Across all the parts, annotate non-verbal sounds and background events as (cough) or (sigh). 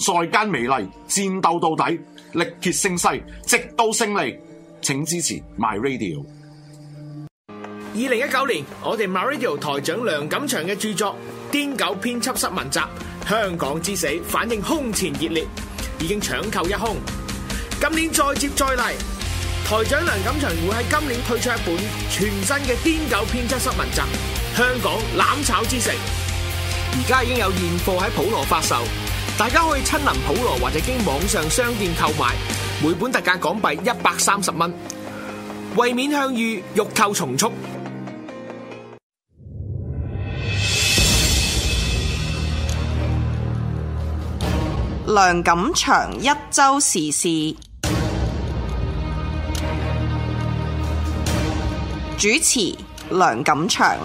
再間美麗戰鬥到底，力竭勝勢，直到勝利，請支持 my radio。二零一九年，我哋 my radio 台長梁錦祥嘅著作《癲狗編輯失文集》，香港之死反應空前熱烈，已經搶購一空。今年再接再厲，台長梁錦祥會喺今年推出一本全新嘅《癲狗編輯失文集》，香港攬炒之城，而家已經有現貨喺普羅發售。大家可以親臨普羅，或者經網上商店購買，每本特價港幣一百三十蚊，為免向隅欲購從速。梁錦祥一周時事主持，梁錦祥。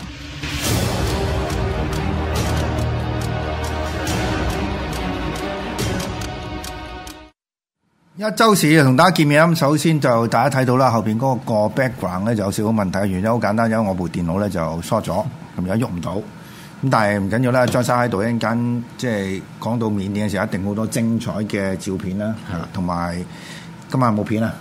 一周時事同大家見面，咁首先就大家睇到啦。後邊嗰個 background 咧，就有少少問題，原因好簡單，因為我部電腦咧就疏咗，而家喐唔到。咁但係唔緊要啦，張生喺度一陣間，即係講到緬甸嘅時候，一定好多精彩嘅照片啦，同埋的今晚冇片啊？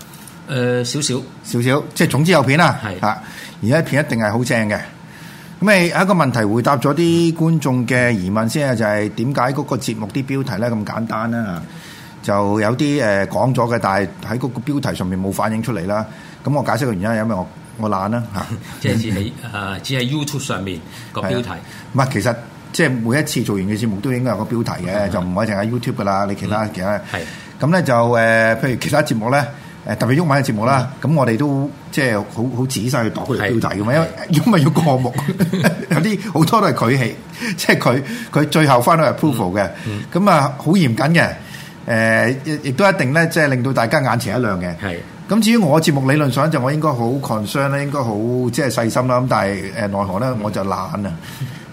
誒、呃，少少，少少，即係總之有片啦，係吓的。而家片一定係好正嘅。咁咪一個問題，回答咗啲觀眾嘅疑問先啊，就係點解嗰個節目啲標題咧咁簡單啦？就有啲誒講咗嘅，但係喺個標題上面冇反映出嚟啦。咁我解釋個原因，因為我我懶啦嚇即係、 (laughs) 啊、只係誒只係 YouTube 上面個標題。唔係其實即係每一次做完嘅節目都應該有個標題嘅，的就唔可以淨係 YouTube 噶啦。你其他其他係咁咧就誒、呃，譬如其他節目咧誒特別喐文嘅節目啦。咁的我哋都即係好好仔細去讀個標題嘅嘛，的因為的要，要過目 (laughs) (laughs) 有啲好多都係佢起，即係佢佢最後翻到 approval 嘅。咁啊的，好嚴謹嘅。誒亦、呃、亦都一定咧，即係令到大家眼前一亮嘅。咁，是的 至於我節目理論上就我應該好 concern 咧，應該好即係細心啦。咁但係誒，奈何咧我就懶啊！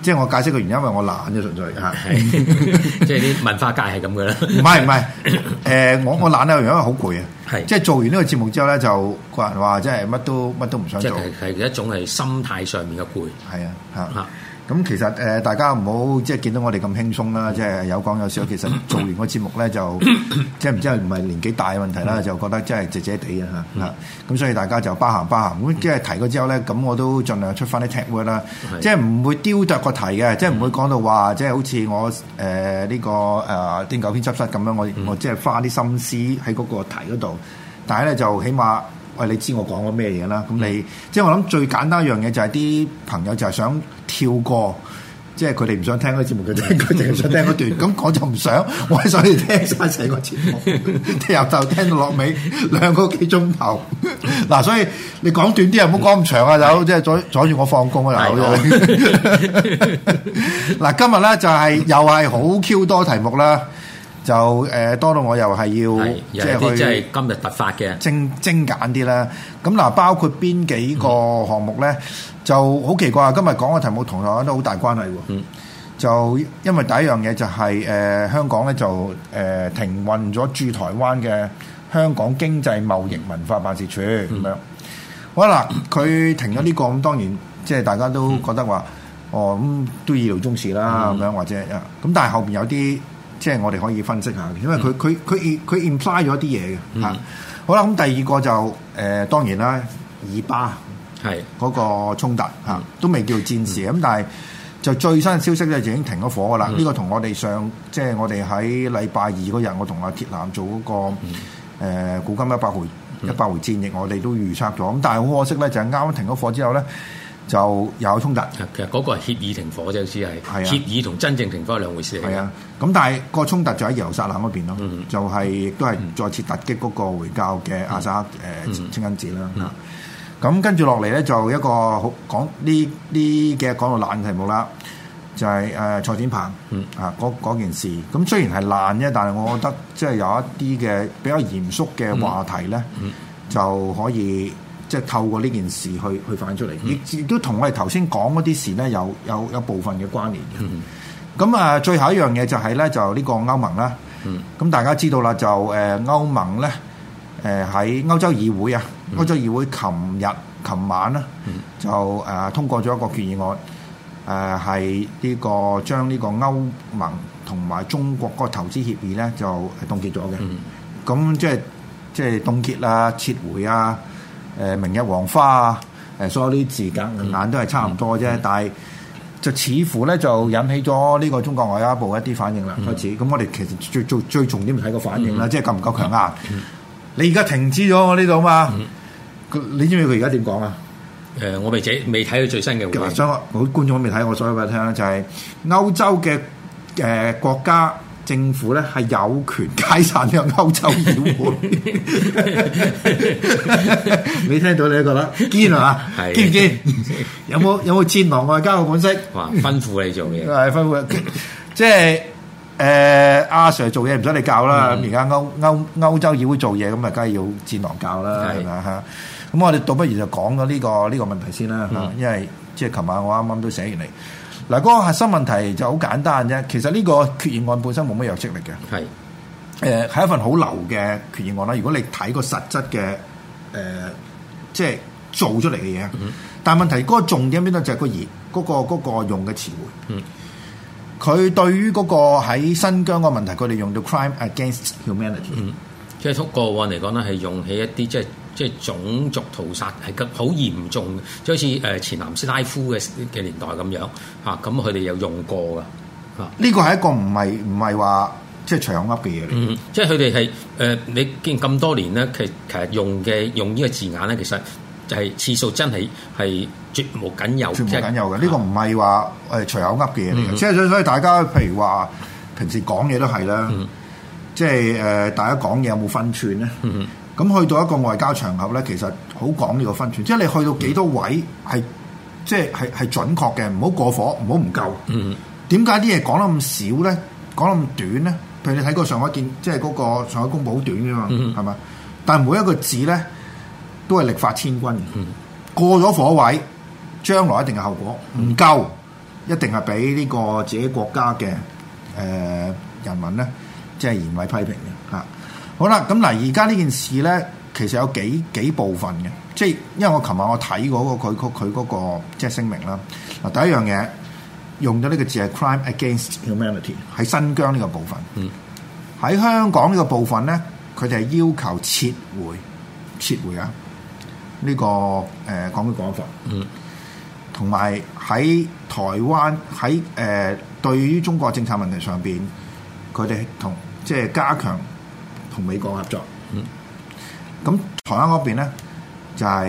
即係我解釋個原因，因為我懶啫，純粹的 (laughs) 即係啲文化界係咁嘅啦。唔係唔係，我懶我懶啊，原因好攰啊。是的 即係做完呢個節目之後咧，就個人話，即係乜都乜都唔想做。係係一種係心態上面嘅攰。係啊。咁其實誒，大家唔好即係見到我哋咁輕鬆啦，即係有講有笑。其實做完個節目咧，就 (coughs) 即係唔知係唔係年紀大嘅問題啦，就覺得即係姐姐地嘅嚇。咁 (coughs) 所以大家就包行包行，咁即係提過之後咧，咁我都盡量出翻啲 text 啦，即係唔會丟雜個題嘅，即係唔會講到話即係好似我誒呢個誒癲狗編輯室咁樣，我 (coughs) 我即係花啲心思喺嗰個題嗰度，但係咧就起碼。喂，你知我講咗咩嘢啦？咁你即係、嗯、我諗最簡單一樣嘢，就係啲朋友就係想跳過即係佢哋唔想聽嗰個節目，佢哋佢唔想聽嗰段。咁我就唔想，我係想你聽晒成個節目，聽日 (laughs) 就聽， (laughs) 又聽到落尾兩個幾鐘頭。嗱、 (laughs) 啊，所以你講短啲、就是，又唔好講咁長啊！就即係阻阻住我放工啊！嗱，今日咧就係又係好 Q 多題目啦。就誒多到我又係要即係去今日突發嘅精精簡啲啦。咁嗱，包括邊幾個項目咧，就好奇怪。今日講嘅題目同台灣都好大關係喎。就因為第一樣嘢就係誒香港咧就誒停運咗駐台灣嘅香港經濟貿易文化辦事處咁樣。好啦，佢停咗呢個咁，當然即係大家都覺得話哦咁都意料中事啦咁樣或者啊，咁但係後邊有啲。即係我哋可以分析下，因為佢佢佢佢 imply 咗啲嘢嘅吓，好啦，咁第二個就誒、呃、當然啦，以巴嗰個衝突、嗯啊、都未叫戰事，咁、嗯，但係就最新消息咧就已經停咗火噶啦。呢、嗯、個同我哋上即係、就是、我哋喺禮拜二嗰日、那個，我同阿鐵男做嗰個古今一百回一百回戰役，我哋都預測咗。咁但係好可惜咧，就係啱啱停咗火之後咧。就有衝突。其實嗰個係協議停火啫，先係。係啊，協議同真正停火係兩回事。係啊，咁但係個衝突就喺耶路撒冷嗰邊咯。嗯、就係、是、亦都係再次突擊嗰個回教嘅阿薩克誒、嗯呃、清真寺啦。咁跟住落嚟咧，嗯嗯、就一個好講呢呢嘅講到爛題目啦，就係、是呃、蔡展鵬啊嗰件事。咁雖然係爛啫，但係我覺得即係有一啲嘅比較嚴肅嘅話題咧，嗯嗯、就可以。即係透過呢件事去去反映出嚟，亦亦都同我哋頭先講嗰啲事咧有有有一部分嘅關聯嘅。咁啊、嗯，最後一樣嘢就係、是、咧，就呢個歐盟啦。咁、嗯、大家知道啦，就誒歐盟咧，誒喺歐洲議會啊，嗯、歐洲議會琴日、琴、嗯、晚咧就誒、啊、通過咗一個決議案，誒係呢個將呢個歐盟同埋中國嗰個投資協議咧就凍結咗嘅。咁即係即係凍結啊，撤回啊，誒明日黃花啊！誒所有啲字眼都係差唔多啫，嗯嗯嗯、但係就似乎咧就引起咗呢個中國外交部一啲反應啦。開始咁，我哋其實最做最，最重點睇個反應啦，嗯、即係夠唔夠強硬？嗯嗯、你而家停止咗我呢度嘛？嗯、你知唔知佢而家點講啊？誒、呃，我未寫，未睇到最新嘅話。嗱，我觀眾未睇，所以我所有俾你聽啦，就係、是、歐洲嘅誒、呃、國家，政府咧係有權解散呢個歐洲議會，你 (laughs) 聽到你覺得堅啊？係堅唔堅？有冇有冇戰狼外交嘅本色？哇！吩咐你做嘢，係吩咐，即係誒阿 Sir 做嘢唔使你教啦。咁而家歐歐歐洲議會做嘢，咁啊，梗係要戰狼教啦，係咪啊？嚇！咁 (coughs) 的的我哋倒不如就講咗呢個呢個問題先啦。嚇， (coughs) 因為即係琴晚我啱啱都寫完嚟。嗱，嗰個核心問題就好簡單啫。其實呢個決議案本身冇乜約束力嘅，係誒係一份好流嘅決議案啦。如果你睇個實質嘅誒、呃，即係做出嚟嘅嘢，嗯、但係問題嗰個重點邊度就係、嗰個熱嗰、嗰個嗰個用嘅詞彙。嗯，佢對於嗰個喺新疆嗰個問題，佢哋用到 crime against humanity。嗯，即係從個案嚟講咧，係用起一啲即係。就是即係種族屠殺係好嚴重嘅，就好似誒前南斯拉夫嘅嘅年代咁樣嚇，咁佢哋有用過噶嚇，呢個係一個唔係唔係話即係隨口噏嘅嘢嚟。嗯，即係佢哋係誒，你見咁多年咧，其其實用嘅用呢個字眼咧，其實就係次數真係係絕無僅有，絕無僅有嘅。呢是、啊、個唔係話誒隨口噏嘅嘢嚟。即係、嗯嗯、所以大家譬如話平時講嘢都係啦，嗯、即係誒、呃、大家講嘢有冇分寸咧？嗯嗯咁去到一個外交場合咧，其實好講呢個分寸，即係你去到幾多位係，即係係係準確嘅，唔好過火，唔好唔夠。點解啲嘢講得咁少咧？講得咁短咧？譬如你睇過上海見，即係嗰個上海公報好短㗎嘛，係嘛、嗯？但係每一個字咧，都係力發千鈞。嗯、過咗火位，將來一定嘅後果；唔夠，嗯、一定係俾呢個自己國家嘅誒、呃、人民咧，即係嚴厲批評嘅嚇。好啦，咁嗱，而家呢件事咧，其實有幾幾部分嘅，即係因為我琴晚我睇嗰個佢佢佢嗰個即係聲明啦。嗱，第一樣嘢用咗呢個字係 Crime against humanity 喺新疆呢個部分，喺香港呢個部分咧，佢哋係要求撤回撤回啊！呢、這個誒、呃、講嘅講法，嗯，同埋喺台灣喺誒、呃、對於中國政策問題上邊，佢哋同即係加強。同美國合作，嗯，咁台灣嗰邊咧就係、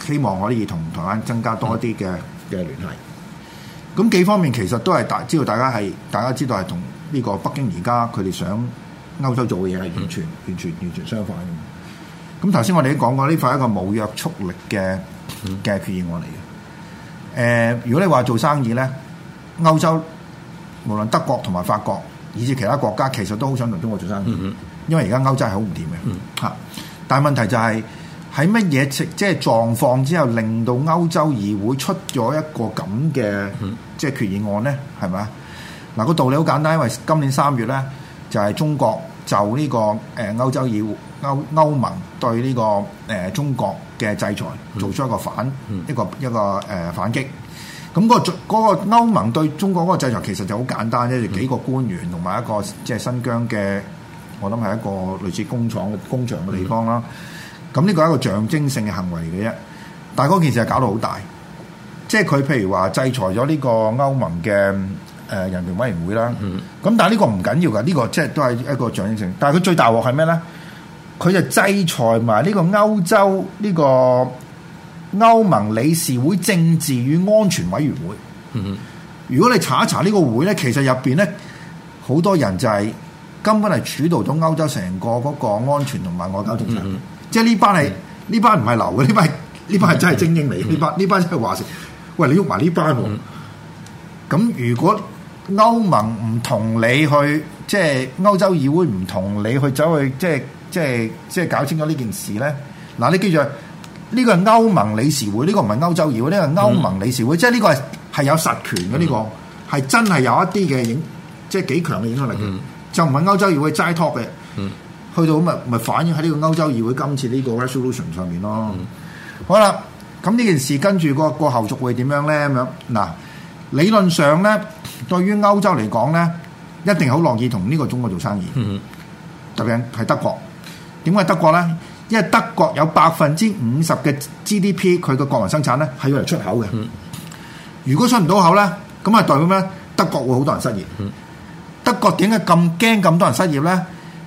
係、希望可以同台灣增加多一啲嘅嘅聯繫。咁幾方面其實都係大，知道大家係大家知道係同呢個北京而家佢哋想歐洲做嘅嘢係完全、嗯、完全完全，完全相反嘅。咁頭先我哋都講過呢塊係一個冇約束力嘅嘅決議案嚟嘅。誒、呃，如果你話做生意咧，歐洲無論德國同埋法國以至其他國家，其實都好想同中國做生意。嗯嗯因為而家歐洲係好唔掂嘅，嚇、嗯！但係問題就係喺乜嘢即即狀況之後，令到歐洲議會出咗一個咁嘅即是決議案咧，係咪啊？嗱、那個道理好簡單，因為今年三月咧就係、是、中國就呢個誒歐洲議會歐歐盟對呢、這個誒、呃、中國嘅制裁做出一個反、嗯、一個一個誒、呃、反擊。咁、那、嗰個嗰、那個、歐盟對中國嗰個制裁其實就好簡單咧，就、嗯、幾個官員同埋一個即新疆嘅。.我諗係一個類似工廠嘅工場嘅地方啦，咁呢個係一個象徵性嘅行為嘅啫。但係嗰件事係搞到好大，即係佢譬如話制裁咗呢個歐盟嘅誒人權委員會啦。咁、嗯、但係呢個唔緊要㗎，呢、呢個即係都係一個象徵性。但係佢最大鑊係咩咧？佢就制裁埋呢個歐洲呢個歐盟理事會政治與安全委員會。嗯，如果你查一查呢個會咧，其實入邊咧好多人就係、是。根本係主導咗歐洲成個嗰個安全同埋外交政策，嗯嗯、即係呢班係呢、嗯、班唔係流嘅，呢班呢、嗯、班係真係精英嚟，呢班呢班真係話事。喂你喐埋呢班喎，咁、嗯、如果歐盟唔同你去，即係歐洲議會唔同你去走去，即係即係即係搞清楚呢件事咧。嗱，你記住，呢、呢個係歐盟理事會，呢、呢個唔係歐洲議會，呢、呢個係歐盟理事會，嗯、即係呢個係係有實權嘅，呢、嗯呢個係真係有一啲嘅影，即係幾強嘅影響力就唔係歐洲議會齋託嘅，嗯、去到咪咪反映喺呢個歐洲議會今次呢個 resolution 上面咯。嗯、好啦，咁呢件事跟住個個後續會點樣咧？咁樣嗱，理論上咧，對於歐洲嚟講咧，一定好樂意同呢個中國做生意。嗯嗯、特別係德國，點解德國咧？因為德國有百分之五十嘅 GDP，佢嘅國民生產咧係要嚟出口嘅。嗯、如果出唔到口咧，咁係代表咩？德國會好多人失業。嗯德國點解咁驚咁多人失業咧？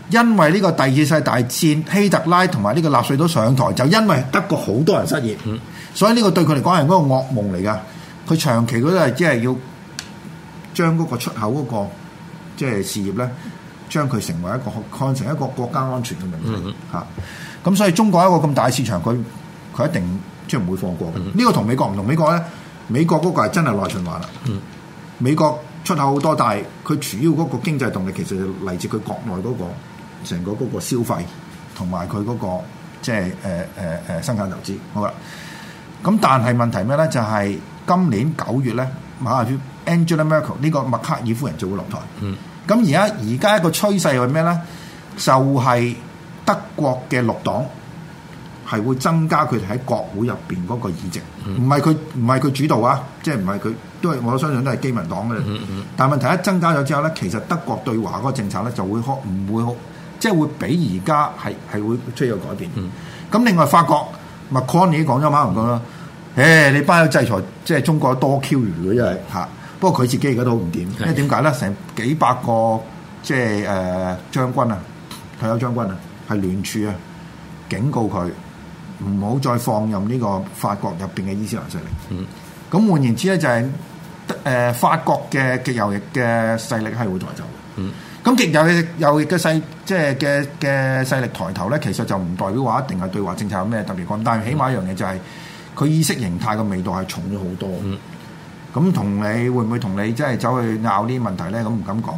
因為呢個第二次世界大戰希特拉同埋呢個納粹都上台，就因為德國好多人失業，所以呢個對佢嚟講係一個噩夢嚟噶。佢長期都係即係要將嗰個出口嗰、嗰個即係、就是、事業咧，將佢成為一個看成一個國家安全嘅問題。咁所以中國一個咁大市場，佢佢一定即係唔會放過嘅。呢 mm hmm. 個同美國唔同，美國咧，美國嗰個係真係內循環啦，mm hmm. 美國。出口好多，但係佢主要嗰個經濟動力其實嚟自佢國內嗰個成個嗰個消費和他的、就是，同埋佢嗰個即係誒誒誒生產投資。好啦，咁但係問題咩咧？就係、是、今年九月咧，馬來西 Angela Merkel 呢個麥克爾夫人就會落台。嗯，咁而家而家一個趨勢係咩咧？就係、是、德國嘅綠黨。係會增加佢哋喺國會入面嗰個議席，唔係佢唔係佢主導啊，即係唔係佢都係我相信都係基民黨嘅。但係問題一增加咗之後咧，其實德國對華嗰個政策咧就會唔會即係、就是、會比而家係係會出現有改變。咁、嗯、另外法國麥康尼講咗馬雲講啦，誒、嗯哎、你班友制裁即係中國有多 Q 如咗真係，不過佢自己而家都唔掂，因為點解咧？成幾百個即係誒、呃、將軍啊，退休將軍啊，係聯署啊，警告佢。唔好再放任呢個法國入邊嘅伊斯蘭勢力。嗯，咁換言之咧，就係，誒法國嘅極右翼嘅勢力係會抬走的。嗯，咁極右嘅右翼嘅勢，即係嘅嘅勢力抬頭咧，其實就唔代表話一定係對華政策有咩特別改變。但係起碼一樣嘢就係，佢意識形態嘅味道係重咗好多。嗯，咁同你會唔會同你即係走去拗呢啲問題咧？咁唔敢講。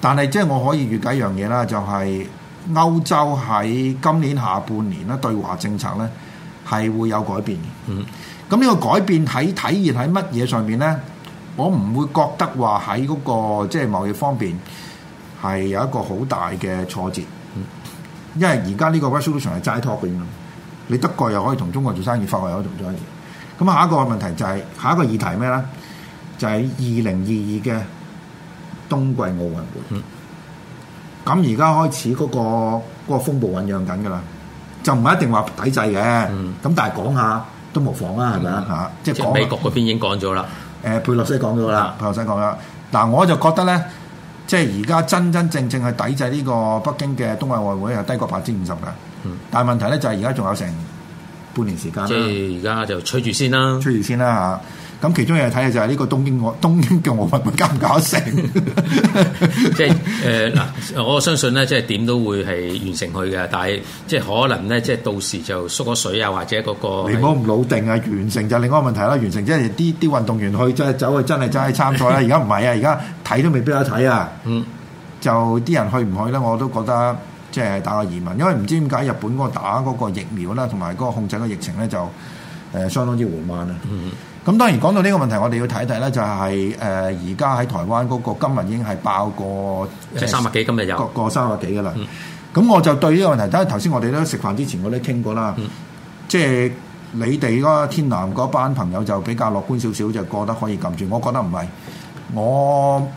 但係即係我可以預計一樣嘢啦，就係、是。歐洲喺今年下半年咧對華政策咧係會有改變嘅，嗯，咁呢個改變喺體現喺乜嘢上邊咧？我唔會覺得話喺嗰個即係貿易方面係有一個好大嘅挫折，因為而家呢個 resolution 係齋拖嘅啫嘛，你德國又可以同中國做生意，法國又可以同中國做生意，咁下一個問題就係、係、下一個議題咩咧？就係二零二二嘅冬季奧運會，嗯。咁而家開始嗰個嗰個風暴醖釀緊嘅啦，就唔係一定話抵制嘅。咁、嗯、但係講下都無妨啊，係咪啊？嚇，即係美國嗰邊已經講咗啦。誒、呃，佩洛西講咗啦，佩洛西講啦。嗱，我就覺得咧，即係而家真真正正係抵制呢個北京嘅冬奧會係低過百分之五十嘅。嗯、但係問題咧就係而家仲有成半年時間，即係而家就吹住先啦，吹住先啦嚇。咁其中有睇嘅就係呢個東京我東京嘅奧運搞唔搞成，即係誒嗱，我相信咧，即係點都會係完成佢嘅，但係即係可能咧，即係到時就縮咗水啊，或者嗰個你唔好唔老定啊，完成就另外一個問題啦，啊，完成即係啲啲運動員去即係走去真係真係參賽啦，而家唔係啊，而家睇都未必得睇啊，嗯， (laughs) 就啲人去唔去咧，我都覺得即係打個疑問，因為唔知點解日本嗰個打嗰個疫苗啦同埋嗰個控制個疫情咧，就、呃、相當之緩慢啊。 (laughs) 咁當然講到呢個問題，我哋要睇一睇咧，就係誒而家喺台灣嗰個今日已經係爆過即係三百幾，今日有個三百幾㗎啦。咁、嗯、我就對呢個問題，因為頭先我哋咧食飯之前我都傾過啦，即係、嗯就是、你哋嗰天南嗰班朋友就比較樂觀少少，就覺得可以撳住。我覺得唔係我。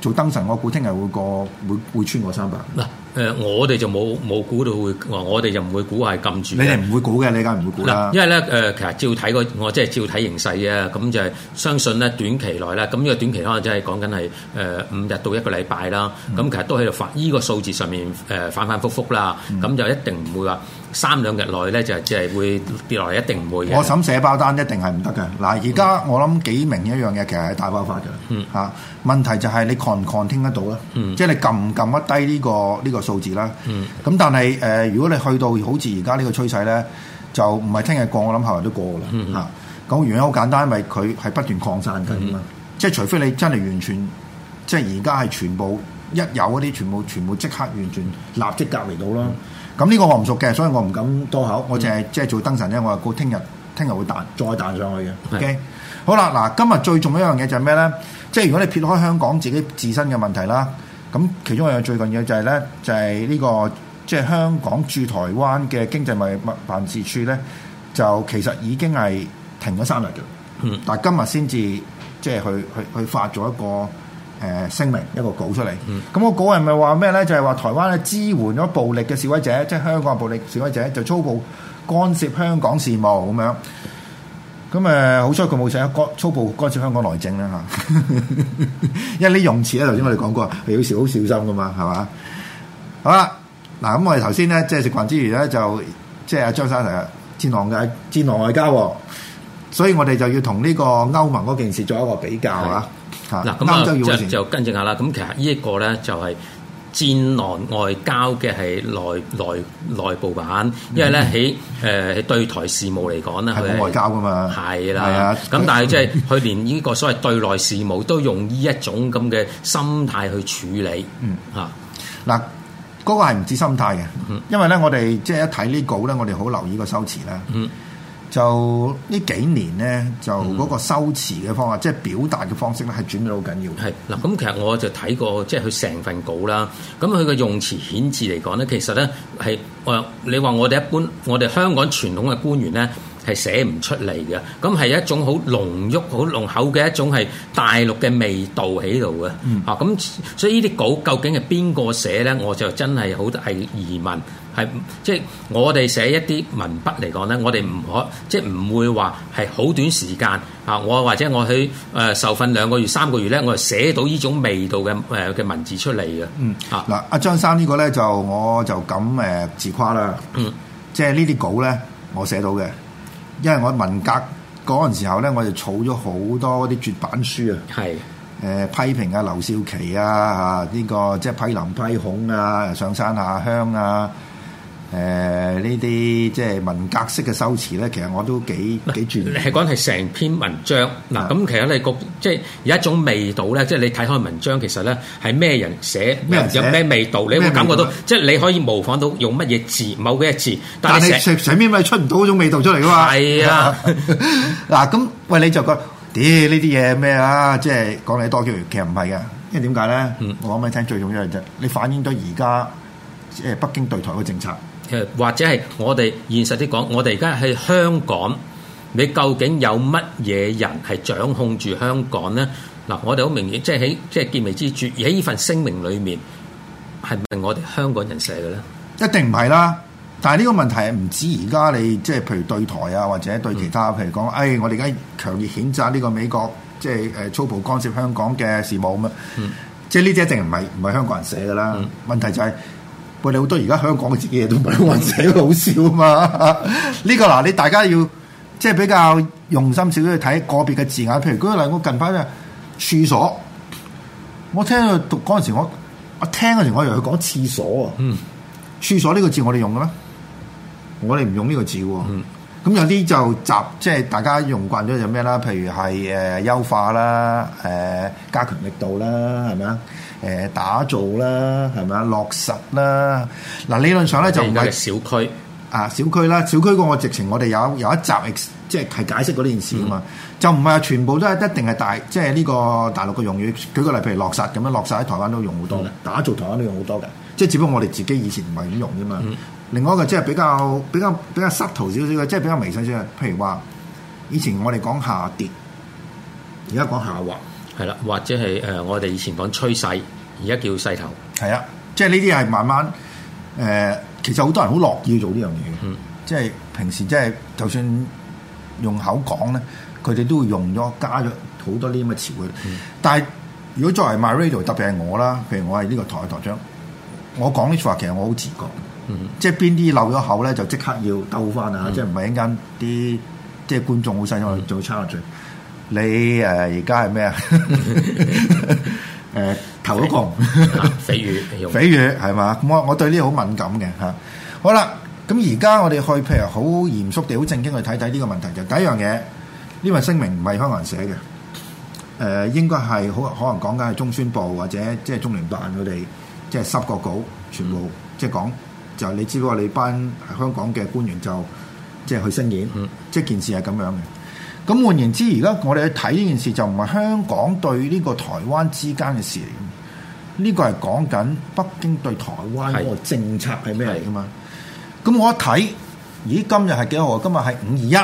做燈神，我估聽日會過，會，會穿過三百。嗱、呃，我哋就冇冇估到會，我哋就唔會估係禁住你。你哋唔會估嘅，你梗唔會估啦。因為咧、呃，其實照睇個，我即係照睇形勢啊。咁就係相信咧，短期內咧，咁呢個短期可能即係講緊係誒五日到一個禮拜啦。咁其實都喺度發呢個數字上面誒、呃、反反覆覆啦。咁、嗯、就一定唔會話。三兩日內咧就係即係會跌落嚟，一定唔會嘅。我審寫包單一定係唔得嘅。嗱，而家我諗幾明一樣嘢，其實係大爆發嘅。嗯。嚇，問題就係你抗唔抗聽得到咧？嗯、即係你撳唔撳得低呢個呢、呢個數字啦？咁、嗯、但係誒、呃，如果你去到好似而家呢個趨勢咧，就唔係聽日過，我諗後日都過啦。嗯、啊。咁原因好簡單，因為佢係不斷擴散緊啊嘛。嗯、即係除非你真係完全，即係而家係全部一有嗰啲，全部全部即刻完全立即隔離到啦。嗯咁呢個我唔熟嘅，所以我唔敢多口，嗯、我淨係即係做燈神咧，我係估聽日聽日會彈再彈上去嘅。是 o、okay? K，好啦，嗱，今日最重要一樣嘢就係咩咧？即係如果你撇開香港自己自身嘅問題啦，咁其中一樣最近嘢就係、是、咧，就係、是、呢、這個即係、就是、香港駐台灣嘅經濟物辦辦事處咧，就其實已經係停咗三日嘅。嗯，但係今日先至即係去去去發咗一個。誒聲明一個稿出嚟，咁、嗯、個稿係咪話咩咧？就係、是、話台灣咧支援咗暴力嘅示威者，即係香港嘅暴力示威者，就粗暴干涉香港事務咁樣。咁誒好彩佢冇寫，干粗暴干涉香港內政啦嚇，嗯、 (laughs) 因為啲用詞呢用詞咧，頭先我哋講過，有時好小心噶嘛，係嘛？嗯、好啦，嗱咁我哋頭先咧，即係食飯之餘咧，就即係阿張生係啊，戰狼嘅戰狼外交，所以我哋就要同呢個歐盟嗰件事做一個比較啊。嗱咁啊就就跟正下啦，咁其實呢一個咧就係戰狼外交嘅係內內內部版，因為咧喺誒對台事務嚟講咧，係外交噶嘛，係啦的，咁但係即係佢連呢個所謂對內事務都用呢一種咁嘅心態去處理，嗯、嚇，嗱嗰個係唔止心態嘅，因為咧我哋即係一睇呢稿咧，我哋好留意個修辭啦。嗯就呢幾年呢，就嗰個修辭嘅方法，嗯、即係表達嘅方式咧，係轉得好緊要。嗱，咁其實我就睇過即係佢成份稿啦。咁佢個用詞顯示嚟講呢，其實呢，係你話我哋一般，我哋香港傳統嘅官員呢，係寫唔出嚟嘅。咁係一種好濃郁、好濃厚嘅一種係大陸嘅味道喺度嘅。咁、嗯啊，所以呢啲稿究竟係邊個寫呢？我就真係好大疑問。係即係我哋寫一啲文筆嚟講咧，我哋唔可即係唔會話係好短時間啊！我或者我去誒、呃、受訓兩個月、三個月咧，我就寫到呢種味道嘅誒嘅文字出嚟嘅。嗯，嗱，阿張生呢個咧就我就咁誒自誇啦。嗯，即係呢啲稿咧我寫到嘅，因為我文革嗰陣時候咧，我就儲咗好多啲絕版書啊係、呃。批評啊，劉少奇啊，呢、啊呢個即係批林批孔啊，上山下鄉啊。誒、呃、呢啲即係文革式嘅修辭咧，其實我都幾幾注意。係講係成篇文章嗱，咁、嗯、其實你個即係有一種味道咧，即、就、係、是、你睇開文章，其實咧係咩人寫，咩人有咩味道，你會感覺到，即係你可以模仿到用乜嘢字，某啲字，但係上上面咪出唔到嗰種味道出嚟噶嘛？係啊，嗱咁、啊， (laughs) 喂你就講，啲呢啲嘢咩啊？即係講你多啲，其實唔係嘅，因為點解咧？嗯、我可唔可以聽，最重要嘅啫，你反映到而家即係北京對台嘅政策。或者係我哋現實啲講，我哋而家喺香港，你究竟有乜嘢人係掌控住香港呢？嗱，我哋好明顯，即係喺即係見微知著，而喺呢份聲明裏面，係唔係我哋香港人寫嘅咧？一定唔係啦。但係呢個問題係唔止而家，你即係譬如對台啊，或者對其他，嗯、譬如講，哎，我哋而家強烈譴責呢個美國，即係誒粗暴干涉香港嘅事務咁啊。嗯、即係呢啲一定唔係唔係香港人寫嘅啦。嗯。問題就係、是。餵！你好多而家香港嘅自己嘢都唔係運寫， (laughs) 好笑啊嘛！呢、呢個嗱，你大家要即係比較用心少少去睇個別嘅字眼，譬如舉個例，我近排咧，處所，我聽佢讀嗰陣時我，我我聽嗰陣時，我以為佢講廁所啊。嗯，處所呢個字我哋用嘅咩？我哋唔用呢個字喎、啊。咁、嗯、有啲就集即係大家用慣咗就咩啦？譬如係誒、呃、優化啦，誒加強力度啦，係咪啊？誒打造啦，係咪啊？落實啦，嗱理論上咧就唔係小區，啊小區啦，小區嗰個直情我哋有有一集即係、就是、解釋過呢件事嘛，嗯、就唔係話全部都係一定係大，即係呢個大陸嘅用語。舉個例，譬如落實咁樣，落實喺台灣都用好多嘅，嗯、打造台灣都用好多嘅，嗯、即係只不過我哋自己以前唔係咁用啫嘛。嗯、另外一個即係比較比較比較 subtle 少少嘅，即、就、係、是、比較微細少，譬如話，以前我哋講下跌，而家講下滑。係啦，或者係、呃、我哋以前講趨勢，而家叫勢頭。係啊，即係呢啲係慢慢、呃、其實好多人好樂意做呢樣嘢。嗯、即係平時即係就算用口講咧，佢哋都會用咗加咗好多呢啲咁嘅詞語。嗯、但係如果作為 MyRadio 特別係我啦，譬如我係呢個台嘅台長，我講呢句話，其實我好自覺。嗯、即係邊啲漏咗口咧，就即刻要兜翻啊！即係唔係一間啲即係觀眾好細心去做差錯。嗯嗯你誒，而家係咩啊？誒，頭都紅，蜚語蜚語係嘛？咁我我對呢個好敏感嘅嚇。好啦，咁而家我哋去譬如好嚴肅地、好正經去睇睇呢個問題，就第一樣嘢，呢份聲明唔係香港人寫嘅。誒，應該係好可能講緊係中宣部或者即係中聯辦佢哋即係濕國稿，全部即係講就你知，不過你班香港嘅官員就即係去聲演，即係件事係咁樣嘅。咁換言之，而家我哋去睇呢件事就唔係香港對呢個台灣之間嘅事嚟嘅，呢個係講緊北京對台灣嗰個政策係咩嚟噶嘛？咁我一睇，咦，今日係幾多號？今日係五二一。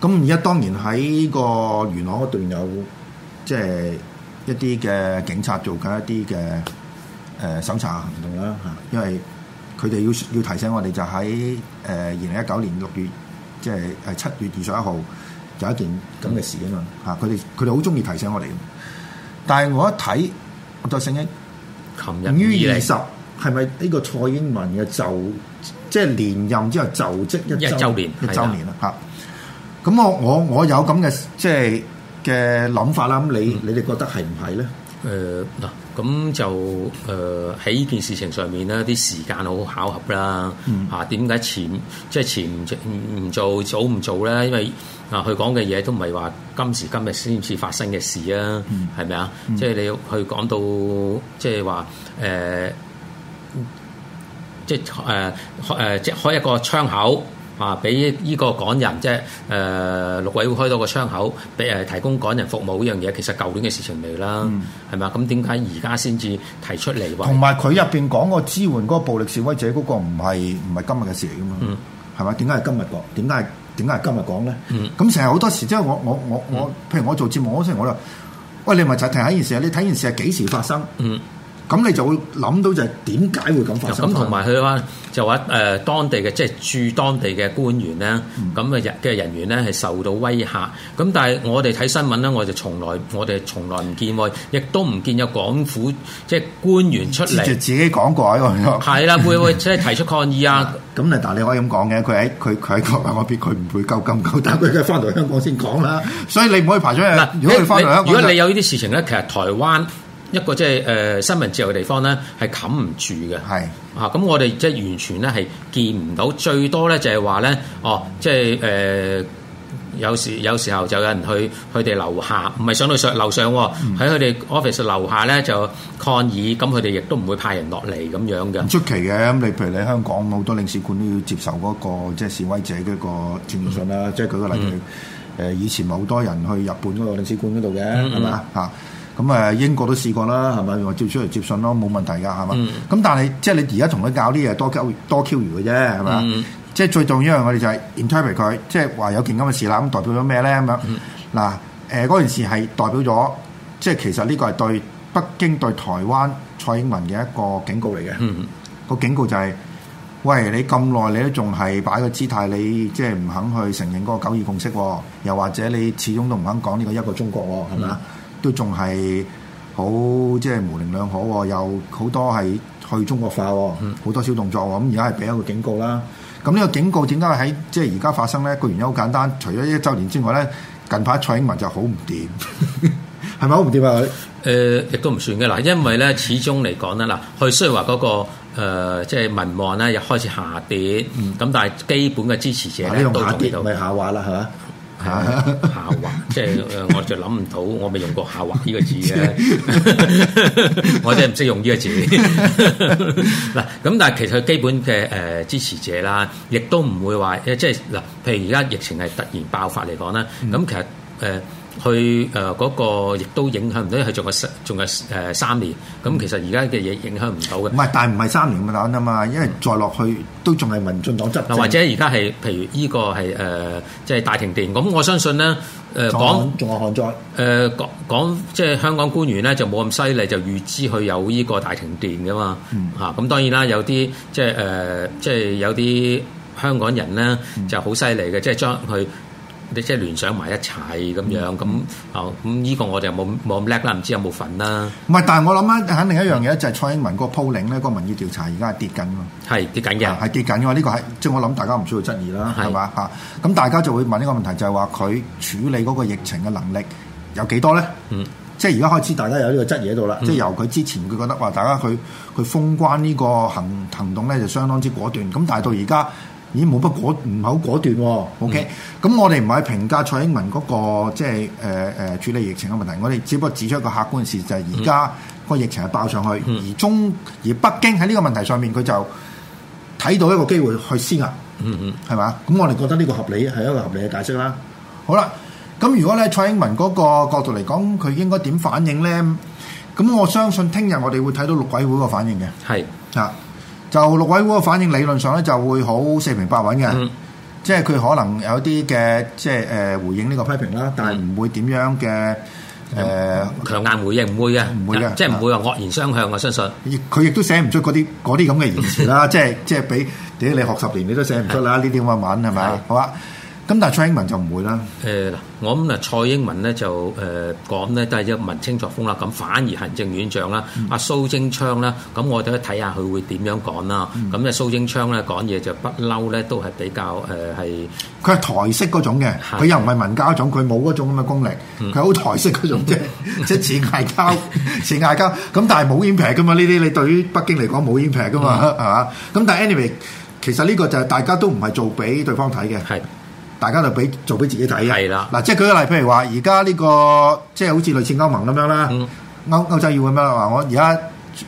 咁五二一當然喺個元朗嗰度有即係一啲嘅警察做緊一啲嘅誒審查行動啦嚇，因為佢哋要要提醒我哋就喺誒二零一九年六月。即係誒七月二十一號有一件咁嘅事嘅嘛嚇，佢哋佢哋好中意提醒我哋但係我一睇我就聲音，琴日二十係咪呢個蔡英文嘅就即係、就是、連任之後就職一週年一週年啦嚇，咁我我我有咁嘅即係嘅諗法啦，咁你、嗯、你哋覺得係唔係咧？誒嗱，咁就誒喺呢件事情上面咧，啲時間好巧合啦。吓，嗯，點解前即係前唔做，早唔做咧？因為啊，佢講嘅嘢都唔係話今時今日先至發生嘅事啊，係咪啊？即係，嗯，你去講到即係話，誒，呃，即係，誒，即係開一個窗口。話俾依個港人即係誒陸委會開到個窗口，俾誒提供港人服務呢樣嘢，其實舊年嘅事情嚟啦，係嘛、嗯？咁點解而家先至提出嚟？同埋佢入邊講個支援嗰個暴力示威者嗰個唔係唔係今日嘅事嚟噶嘛？係嘛、嗯？點解係今日講？點解係點解係今日講咧？咁成日好多時，即係我我我我，譬如我做節目嗰陣，我就喂你咪就係睇一件事啊！你睇件事係幾時發生？嗯咁你就會諗到就係點解會咁發生？咁同埋佢話就話誒、呃、當地嘅即係駐當地嘅官員咧，咁嘅人嘅人員咧係受到威嚇。咁但係我哋睇新聞咧，我就從來我哋從來唔見喎，亦都唔見有港府即係官員出嚟自己講過喎、啊。係啦、啊，會 (laughs) 會即係提出抗議啊。咁但你可以咁講嘅，佢喺佢佢喺台灣嗰邊，佢唔會夠咁夠膽，佢梗係翻到香港先講啦。所以你唔可以排除。嗱喇，如果你翻到香港，如果你有呢啲事情咧，其實台灣。一個即係誒新聞自由嘅地方咧，係冚唔住嘅。係是啊，咁我哋即係完全咧係見唔到，最多咧就係話咧，哦，即係誒有時有時候就有人去佢哋樓下，唔係上到上樓上喎，喺佢哋 office 樓下咧就抗議，咁佢哋亦都唔會派人落嚟咁樣嘅。唔出奇嘅，咁你譬如你香港好多領事館都要接受嗰、那個即係示威者嘅一個證信啦。嗯、即係舉個例，誒、嗯、以前好多人去日本嗰個領事館嗰度嘅，係咪啊？吧咁誒英國都試過啦，係咪？話照出嚟接信咯，冇問題㗎，係嘛？咁、嗯、但係即係你而家同佢搞啲嘢多 Q 多 Q 餘嘅啫，係嘛？即係、嗯、最重要一樣，我哋就係 interpret 佢，即係話有件咁嘅事啦，咁代表咗咩咧？咁樣嗱誒，嗰件事係代表咗，即係其實呢個係對北京對台灣蔡英文嘅一個警告嚟嘅。嗯、個警告就係、是，喂，你咁耐，你都仲係擺個姿態，你即係唔肯去承認嗰個九二共識，又或者你始終都唔肯講呢個一個中國，係咪啊？嗯都仲係好即係模棱兩可，又好多係去中國化，嗯、好多小動作。咁而家係俾一個警告啦。咁呢個警告點解喺即係而家發生咧？個原因好簡單，除咗一周年之外咧，近排蔡英文就好唔掂，係咪好唔掂啊？佢誒亦都唔算嘅嗱，因為咧始終嚟講咧嗱，佢雖然話嗰、那個、呃、即係民望咧又開始下跌，咁、嗯、但係基本嘅支持者呢，都、啊、下跌，咪下滑啦係嘛？下、嗯、下滑，即係我就諗唔到，我未用過下滑呢個字嘅，我真係唔識用呢個字。嗱， (laughs) (laughs) 咁 (laughs) 但係其實基本嘅誒支持者啦，亦都唔會話，即係嗱，譬如而家疫情係突然爆發嚟講啦，咁、嗯、其實誒。呃去誒嗰、呃那個亦都影響唔到，因為仲有仲有誒三年。咁、嗯、其實而家嘅嘢影響唔到嘅。唔係，但係唔係三年咁簡單啊嘛，因為再落去都仲係民進黨執政。或者而家係譬如呢個係誒，即、呃、係、就是、大停電。咁我相信咧，誒講仲有旱災誒講講，即係香港官員咧就冇咁犀利，就預知佢有呢個大停電㗎嘛。嚇咁、嗯啊、當然啦，有啲即係誒，即、就、係、是呃就是、有啲香港人咧就好犀利嘅，即係將佢。你即係聯想埋一齊咁、嗯、樣咁啊咁呢個我就冇冇咁叻啦，唔知有冇份啦。唔係，但係我諗咧，肯定一樣嘢就係、是、蔡英文個 polling 咧，個民意調查而家係跌緊㗎係跌緊嘅，係跌緊㗎嘛。呢、這個係即係我諗，大家唔需要質疑啦，係嘛嚇？咁吧是大家就會問呢個問題，就係話佢處理嗰個疫情嘅能力有幾多咧？嗯，即係而家開始大家有呢個質疑喺度啦。嗯、即係由佢之前佢覺得話，大家去佢封關呢個行行動咧就相當之果斷。咁但係到而家。咦，冇乜果唔係好果斷喎、啊，OK？咁、嗯、我哋唔係評價蔡英文嗰、那個即係誒誒處理疫情嘅問題，我哋只不過指出一個客觀事實就係而家個疫情係爆上去，嗯、而中而北京喺呢個問題上面佢就睇到一個機會去施壓啦嗯嗯，係嘛？咁我哋覺得呢個合理係一個合理嘅解釋啦。好啦，咁如果咧蔡英文嗰個角度嚟講，佢應該點反應咧？咁我相信聽日我哋會睇到陸委會個反應嘅，係就六位嗰個反應理論上咧就會好四平八穩嘅。嗯、即係佢可能有啲嘅即係誒回應呢個批評啦，但係唔會點樣嘅誒、嗯呃、強硬回應，唔會嘅，唔、啊、會嘅，即係唔會話惡言相向啊！我相信佢亦都寫唔出嗰啲嗰啲咁嘅言辭啦，嗯、即係即係俾俾你學十年你都寫唔出啦呢啲咁嘅文係咪？好啊！咁但係蔡英文就唔會啦、呃。我諗嗱，蔡英文咧就誒講咧都係一文青作風啦。咁反而行政院長啦，阿、嗯、蘇貞昌啦，咁我哋都睇下佢會點樣講啦。咁咧，蘇貞昌咧講嘢就不嬲咧，都係比較係。佢、呃、係台式嗰種嘅，佢是的 又唔係文家種，佢冇嗰種咁嘅功力，佢好是的 台式嗰種啫，即似嗌交，似嗌交。咁但係冇煙劈㗎嘛？呢啲你對於北京嚟講冇煙劈㗎嘛？係嘛？咁但係 anyway，其實呢個就係大家都唔係做俾對方睇嘅。係。大家就俾做俾自己睇啊！嗱係啦、這個，即係舉個例，譬如話，而家呢個即係好似類似歐盟咁樣啦、嗯，歐洲要咁樣話，我而家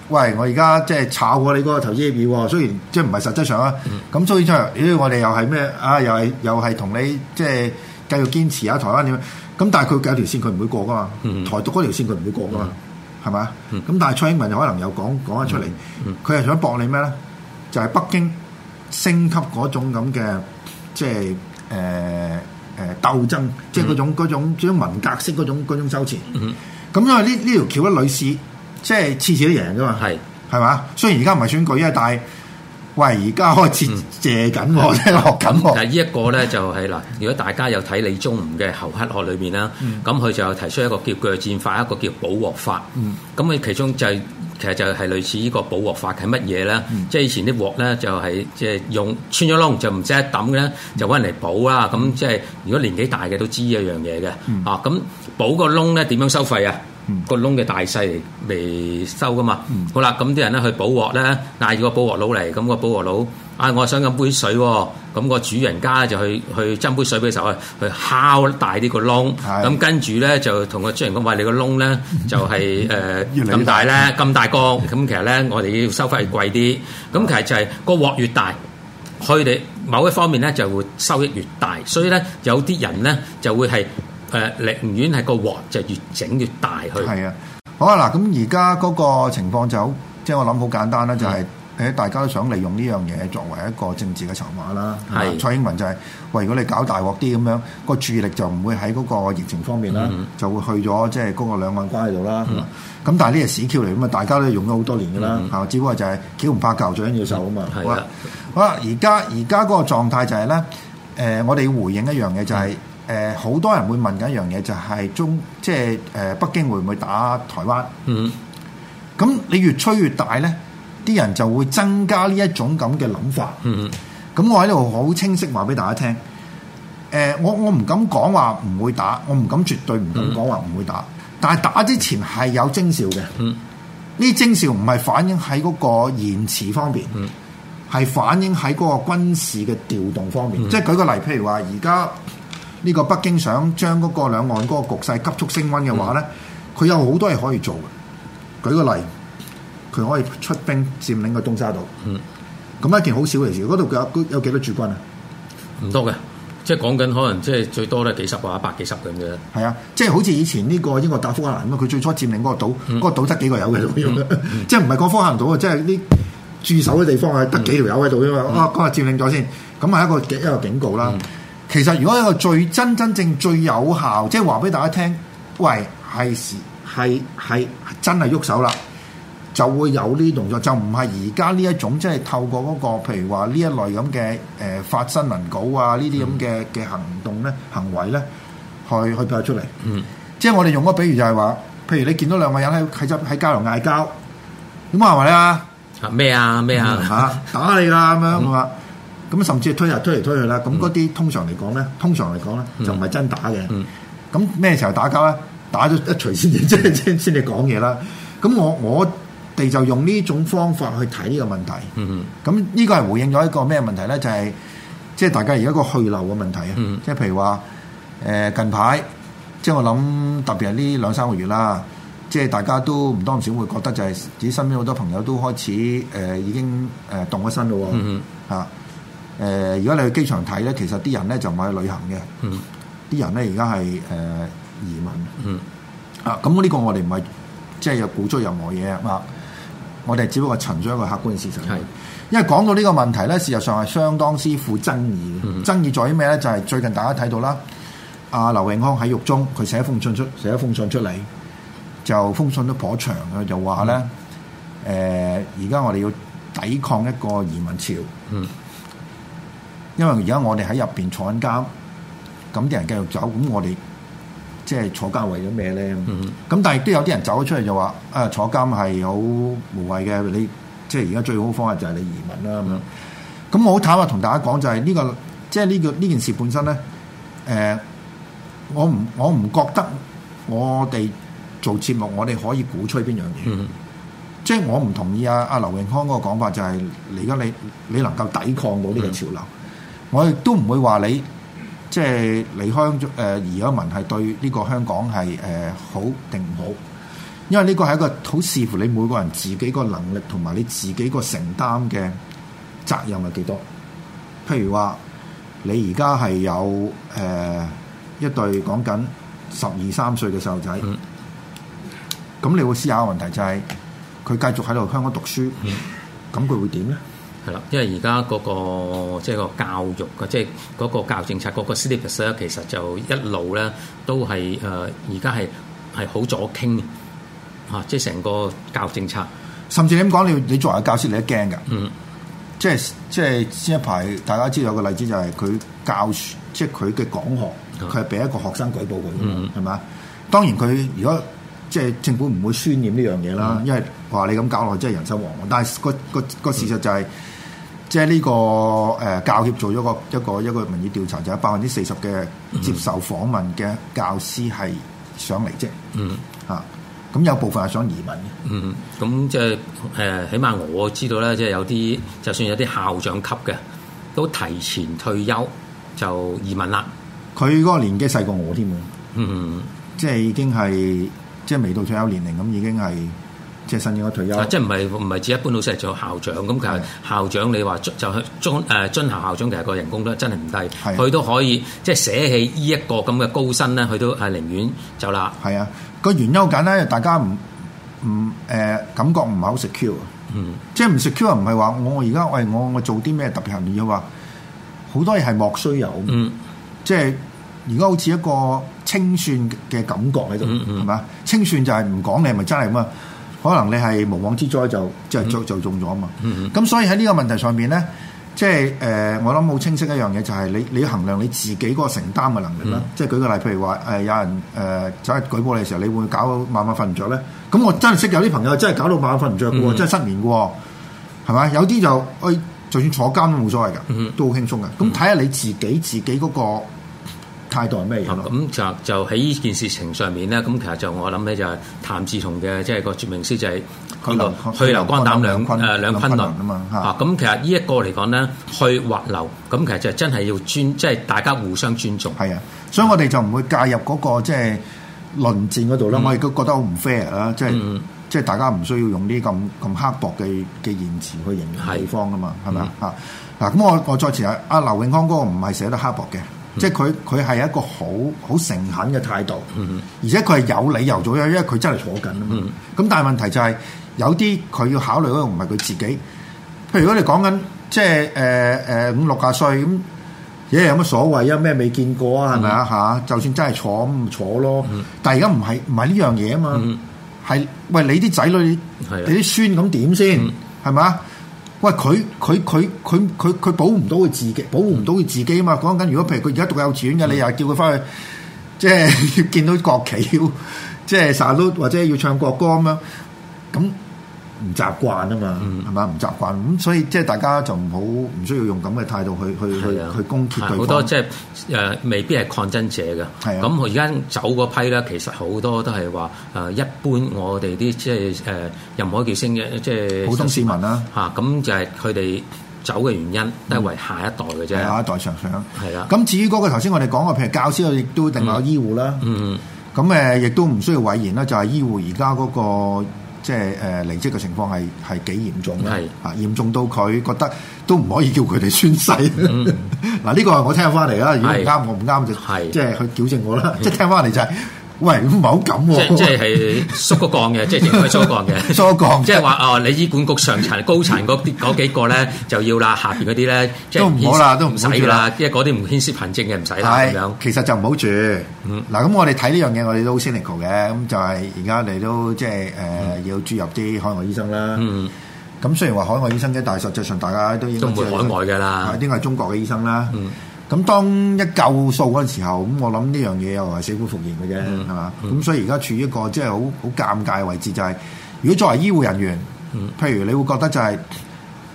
喂，我而家即係炒過你嗰個投資協議喎，雖然即係唔係實質上啊。咁所以出嚟，我哋又係咩啊？又係又係同你即係繼續堅持啊，台灣點樣？咁但係佢有條線，佢唔會過㗎嘛。台獨嗰條線佢唔會過㗎嘛，係咪？咁但係蔡英文又可能又講講得出嚟，佢係、嗯、想博你咩咧？就係、是、北京升級嗰種咁嘅即係誒誒，鬥、呃呃、爭即係嗰種、嗰、嗯、種，即係文革式嗰種、嗰種修辭。嗯哼，咁因為呢呢條橋一女士，即係次次都贏噶嘛，係係嘛。雖然而家唔係選舉啊，因為但係。喂，而家開始借緊、嗯、學我，學緊學。但係依一個咧就係、是、嗱，如果大家有睇李宗吾嘅《厚黑學》裏面啦，咁佢、嗯、就有提出一個叫鋸箭法，一個叫補鑊法。咁佢、嗯、其中就係、是、其實就係類似呢個補鑊法係乜嘢咧？呢嗯、即係以前啲鑊咧就係即係用穿咗窿就唔識抌嘅咧，就搵人嚟補啦。咁即係如果年紀大嘅都知一樣嘢嘅。嗯、啊，咁補個窿咧點樣收費啊？個窿嘅大細嚟收㗎嘛？好啦，咁啲人咧去補鑊咧，嗌住個補鑊佬嚟，咁個補鑊佬，啊，我係想飲杯水喎，咁個主人家就去去斟杯水俾佢食啊，去敲大啲個窿，咁跟住咧就同個主人講話，你個窿咧就係誒咁大咧，咁大個，咁其實咧我哋要收費貴啲，咁其實就係個鑊越大，佢哋某一方面咧就會收益越大，所以咧有啲人咧就會係。誒、呃，寧願係個鑊就越整越大佢。係啊，好啊嗱，咁而家嗰個情況就即係、就是、我諗好簡單啦，就係、是、大家都想利用呢樣嘢作為一個政治嘅籌碼啦。的蔡英文就係、是、喂，如果你搞大鑊啲咁樣，個注意力就唔會喺嗰個疫情方面啦，mm hmm. 就會去咗即係嗰個兩岸關係度啦。咁、mm hmm. 但係呢個屎橋嚟，咁啊大家都用咗好多年㗎啦，係、mm hmm. 只不過就係橋唔怕舊，最緊要受啊嘛。啦、mm，hmm. 好啦吧，而家而家嗰個狀態就係、是、咧、呃，我哋要回應一樣嘢就係、是。Mm hmm. 誒，好、呃、多人會問緊一樣嘢，就係、是、中即係誒、呃，北京會唔會打台灣？嗯、mm，咁、hmm. 你越吹越大咧，啲人就會增加呢一種咁嘅諗法。嗯、mm，咁、hmm. 我喺度好清晰話俾大家聽。誒、呃，我我唔敢講話唔會打，我唔敢絕對唔敢講話唔會打。Mm hmm. 但係打之前係有徵兆嘅。呢徵、mm hmm. 兆唔係反映喺嗰個延遲方面，係、mm hmm. 反映喺嗰個軍事嘅調動方面。Mm hmm. 即係舉個例，譬如話而家。呢個北京想將嗰個兩岸嗰個局勢急速升溫嘅話咧，佢、嗯、有好多嘢可以做嘅。舉個例，佢可以出兵佔領個東沙島。咁、嗯、一件好少嘅事。嗰度有有幾多駐軍啊？唔多嘅，即係講緊可能即係最多都係幾十個一百幾十咁嘅。係啊，即係好似以前呢個英國打福克蘭咁佢最初佔領嗰個島，嗰、嗯、個島得幾個友嘅、嗯嗯， (laughs) 即係唔係個福克蘭島啊？即係啲駐守嘅地方啊，得幾條友喺度啫嘛。啊，嗰日佔領咗先，咁係一個一個警告啦。嗯嗯其實，如果一個最真真正最有效，即係話俾大家聽，喂，係時係係真係喐手啦，就會有呢啲動作，就唔係而家呢一種，即係透過嗰、嗰個，譬如話呢一類咁嘅誒發新聞稿啊，呢啲咁嘅嘅行動咧、嗯、行為咧，去去表出嚟。嗯，即係我哋用嗰個比喻就係話，譬如你見到兩個人喺喺喺交流、嗌交，話你啊？咩啊咩啊嚇打你㗎咁樣、嗯咁甚至推嚟推嚟推去啦，咁嗰啲通常嚟講咧，嗯、通常嚟講咧就唔係真打嘅。咁咩、嗯、時候打交咧？打咗一錘先即係先先至講嘢啦。咁 (laughs) 我我哋就用呢種方法去睇呢個問題。咁呢個係回應咗一個咩問題咧？就係即係大家而家個去留嘅問題啊。即係、嗯、譬如話近排，即係我諗特別係呢兩三個月啦，即係大家都唔多唔少會覺得就係自己身邊好多朋友都開始、呃、已經動咗身咯喎。嗯嗯啊誒，如果、呃、你去機場睇咧，其實啲人咧就唔係去旅行嘅，啲、嗯、人咧而家係誒移民。嗯、啊，咁呢個我哋唔係即係又鼓吹任何嘢啊！我哋只不過陳述一個客觀事實。係，是的 因為講到呢個問題咧，事實上係相當之富爭議嘅。嗯、爭議在於咩咧？就係、是、最近大家睇到啦，阿劉永康喺獄中，佢寫一封信出，寫一封信出嚟，就封信都頗長嘅，就話咧誒，而家、嗯呃、我哋要抵抗一個移民潮。嗯。因為而家我哋喺入邊坐緊監，咁啲人繼續走，咁我哋即係坐監為咗咩咧？咁、mm hmm. 但係亦都有啲人走咗出嚟就話，誒、啊、坐監係好無謂嘅，你即係而家最好嘅方法就係你移民啦咁樣。咁、mm hmm. 我好坦白同大家講、就是，就係呢個即係呢、這個呢件事本身咧，誒、呃，我唔我唔覺得我哋做節目，我哋可以鼓吹邊樣嘢。Mm hmm. 即係我唔同意阿、啊、阿劉永康嗰個講法就是，就係你而家你你能夠抵抗到呢個潮流。Mm hmm. 我亦都唔會話你，即係離開誒移咗民係對呢個香港係誒、呃、好定唔好，因為呢個係一個好視乎你每個人自己個能力同埋你自己個承擔嘅責任係幾多。譬如話，你而家係有誒一對講緊十二三歲嘅細路仔，咁、嗯、你會思考嘅問題就係、是、佢繼續喺度香港讀書，咁佢會點咧？係啦，因為而家嗰個即係個教育嘅，即係嗰個教育政策，嗰、嗰個其實就一路咧都係誒，而家係好左傾、啊、即係成個教育政策，甚至你講你你作為個教師，你都驚㗎，嗯，即係即係先一排大家知道有個例子就係佢教，即係佢嘅講學，佢係俾一個學生舉報佢，係、嗯、當然佢如果即係政府唔會宣染呢樣嘢啦，嗯、因為話你咁教落去真係人心惶惶，但係、嗰個嗰個嗰個事實就係、是。嗯。即係呢、這個誒、呃、教協做咗個一個一個,一個民意調查，就是、有百分之四十嘅接受訪問嘅教師係想離職。嗯、mm hmm. 啊，咁有部分係想移民嘅。嗯、mm，咁即係誒，起碼我知道咧，即、就、係、是、有啲就算有啲校長級嘅都提前退休就移民啦。佢嗰個年紀細過我添喎。嗯、mm hmm.，即係已經係即係未到退休年齡咁，已經係。即係上年我退休，即係唔係唔係只一般老師，係、就、做、是、校長咁。其實校長是的 你話就係津誒校校長，其實個人工都真係唔低，佢都是的 可以即係捨棄呢一個咁嘅高薪咧，佢都係、呃、寧願走啦。係啊，個原因好簡單咧，大家唔唔誒感覺唔係好 secure 啊，嗯、即係唔 secure 又唔係話我而家喂我我做啲咩特別行業話好多嘢係莫須有，嗯、即係而家好似一個清算嘅感覺喺度，係嘛、嗯嗯？清算就係唔講你係咪真係咁啊？可能你係無妄之災就即係就就中咗啊嘛，咁、嗯、哼所以喺呢個問題上面咧，即係誒我諗好清晰一樣嘢就係、是、你你要衡量你自己嗰個承擔嘅能力啦。嗯、即係舉個例，譬如話、呃、有人誒走去舉報你嘅時候，你會搞到晚晚瞓唔着咧？咁我真係識有啲朋友真係搞到晚晚瞓唔着㗎喎，嗯、哼真係失眠喎，係咪？有啲就誒，就算坐監都冇所謂嘅，都好輕鬆㗎。咁睇下你自己自己嗰、嗰個。態度係咩樣咯？咁、嗯、就就喺呢件事情上面咧，咁其實就我諗咧就係譚嗣同嘅，即、就、係、是、個絕命詩就係、那個、去留去留肝膽兩昆兩昆均侖啊嘛嚇！咁、嗯、其實呢一個嚟講咧，去或留，咁其實就真係要尊，即、就、係、是、大家互相尊重。係啊，所以我哋就唔會介入嗰、那個即係論戰嗰度咧，嗯、我亦都覺得好唔 fair 啦、就是，即係即係大家唔需要用啲咁咁刻薄嘅嘅言辭去形容對方噶嘛，係咪啊？嗱，咁、嗯、我我再提下阿劉永康嗰個唔係寫得刻薄嘅。即係佢佢係一個好好誠懇嘅態度，而且佢係有理由做嘅，因為佢真係坐緊啊嘛。咁、嗯、但係問題就係、是、有啲佢要考慮嗰個唔係佢自己。譬如如果你講緊即係誒誒五六廿歲咁，嘢有乜所謂啊？咩未見過啊？係咪啊嚇？就算真係坐咁，咪坐咯。嗯、但係而家唔係唔係呢樣嘢啊嘛。係、嗯、喂，你啲仔女、是的 你啲孫咁點先係咪？嗯是喂，佢佢佢佢佢佢保唔到佢自己，保護唔到佢自己啊嘛！講緊如果譬如佢而家讀幼稚園嘅，你又叫佢翻去，即係見到國旗，即係成日都或者要唱國歌咁樣，咁。唔習慣啊嘛，係咪、嗯？唔習慣，咁所以即係大家就唔好唔需要用咁嘅態度去去去、啊、去攻擊佢。好多即係、呃、未必係抗爭者嘅。咁佢而家走嗰批咧，其實好多都係話、呃、一般我哋啲即係誒任何階層嘅，即係普通市民啦咁、啊、就係佢哋走嘅原因，嗯、都係為下一代嘅啫，下一代常常。咁、啊啊、至於嗰、那個頭先我哋講嘅，譬如教師，佢亦都定有醫護啦、嗯。嗯，咁誒亦都唔需要諱言啦，就係、是、醫護而家嗰個。即係誒離職嘅情況係係幾嚴重嘅，係啊是嚴重到佢覺得都唔可以叫佢哋宣誓。嗱呢個我聽翻嚟啦。如果唔啱我唔啱是就即係去矯正我啦。是即係聽翻嚟就係、是。是 (laughs) 喂，唔係好噉喎！即即係縮嗰降嘅，即係應該縮降嘅。縮降，即係話啊！你醫管局上層高層嗰啲嗰幾個咧就要啦，下邊嗰啲咧都唔好啦，都唔好住啦。因為嗰啲唔牽涉行政嘅，唔使啦咁樣。其實就唔好住。嗯，嗱咁，我哋睇呢樣嘢，我哋都好 cynical 嘅。咁就係而家你都即係誒要注入啲海外醫生啦。嗯，咁雖然話海外醫生嘅，但實際上大家都都唔會海外嘅啦。應該係中國嘅醫生啦。嗯。咁當一夠數嗰陣時候，咁我諗呢樣嘢又係死灰復燃嘅啫，係嘛、嗯？咁所以而家處於一個即係好好尷尬嘅位置、就是，就係如果作為醫護人員，嗯、譬如你會覺得就係、是、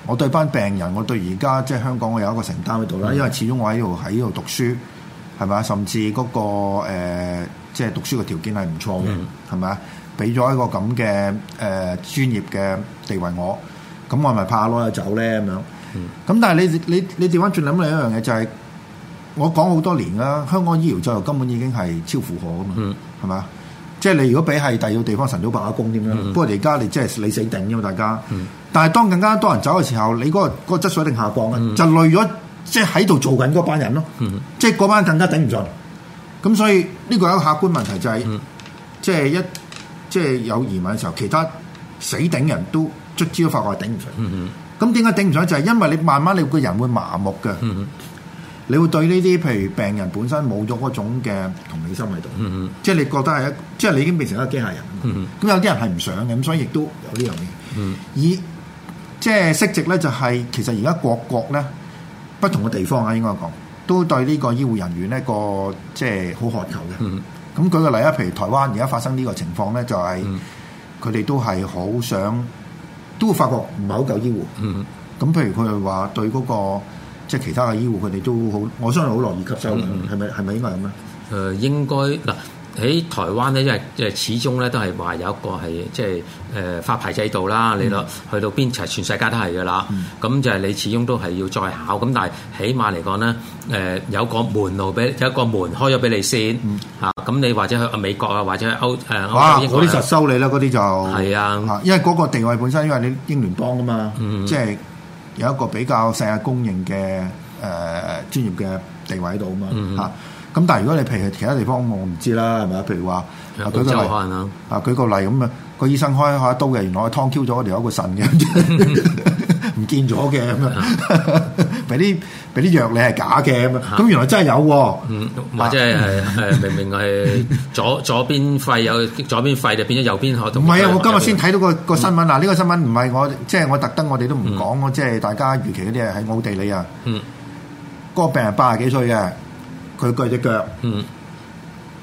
我對班病人，我對而家即係香港，我有一個承擔喺度啦。因為始終我喺度喺呢度讀書，係咪？甚至嗰、那個即係、呃就是、讀書嘅條件係唔錯嘅，係咪、嗯？俾咗一個咁嘅誒專業嘅地位我，咁我係咪怕攞又走咧咁樣？咁但係你你你調翻轉諗另一樣嘢就係、是。我講好多年啦，香港醫療制度根本已經係超負荷噶嘛，係嘛？即係你如果比係第二個地方晨早罷下工點樣？不過而家你即係你死頂啫嘛，大家。但係當更加多人走嘅時候，你嗰個嗰個質素一定下降嘅，就累咗即係喺度做緊嗰班人咯，即係嗰班更加頂唔順。咁所以呢個係一個客觀問題就係，即係一即係有移民嘅時候，其他死頂人都卒之都發覺係頂唔順。咁點解頂唔順？就係因為你慢慢你個人會麻木嘅。你會對呢啲譬如病人本身冇咗嗰種嘅同理心喺度，嗯嗯、即係你覺得係一，即係你已經變成一個機械人。咁、嗯嗯、有啲人係唔想嘅，咁所以亦都有、嗯、呢樣嘢。而即係適值咧，就係、是、其實而家各國咧不同嘅地方啊，應該講都對呢個醫護人員呢個即係好渴求嘅。咁、嗯嗯、舉個例啊，譬如台灣而家發生呢個情況咧，就係佢哋都係好想都會發覺唔係好夠醫護。咁、嗯嗯、譬如佢哋話對嗰、那個。即係其他嘅醫護佢哋都好，我相信好樂意吸收。係咪係咪應該咁咧？誒、嗯，應該嗱喺台灣咧，因為誒始終咧都係話有一個係即係誒、呃、發牌制度啦。你攞、嗯、去到邊，其實全世界都係噶啦。咁、嗯、就係你始終都係要再考。咁但係起碼嚟講咧，誒、呃、有個門路俾，有一個門開咗俾你先嚇。咁、嗯啊、你或者去美國啊，或者去歐誒歐美哇英嗰啲嗰啲啊，嗰啲就收你啦。嗰啲就係啊，因為嗰個地位本身，因為你英聯邦啊嘛，嗯、即係。有一個比較世界公認嘅誒、呃、專業嘅地位喺度、嗯、啊嘛嚇，咁但係如果你譬如其他地方，我唔知啦係咪啊？譬如話舉個例啊，舉個例咁啊，啊、舉個例、嗯，個醫生開下刀嘅，原來係掏 Q 咗我有一個腎嘅。嗯 (laughs) 唔見咗嘅咁樣，俾啲俾啲藥你係假嘅咁樣。咁原來真係有，或者係係明明係左左邊肺有左邊肺就變咗右邊唔係啊！我今日先睇到個個新聞啊。呢個新聞唔係我即係我特登，我哋都唔講咯，即係大家預期嗰啲啊，喺奧地利啊。嗯，個病人八十幾歲嘅，佢鋸隻腳，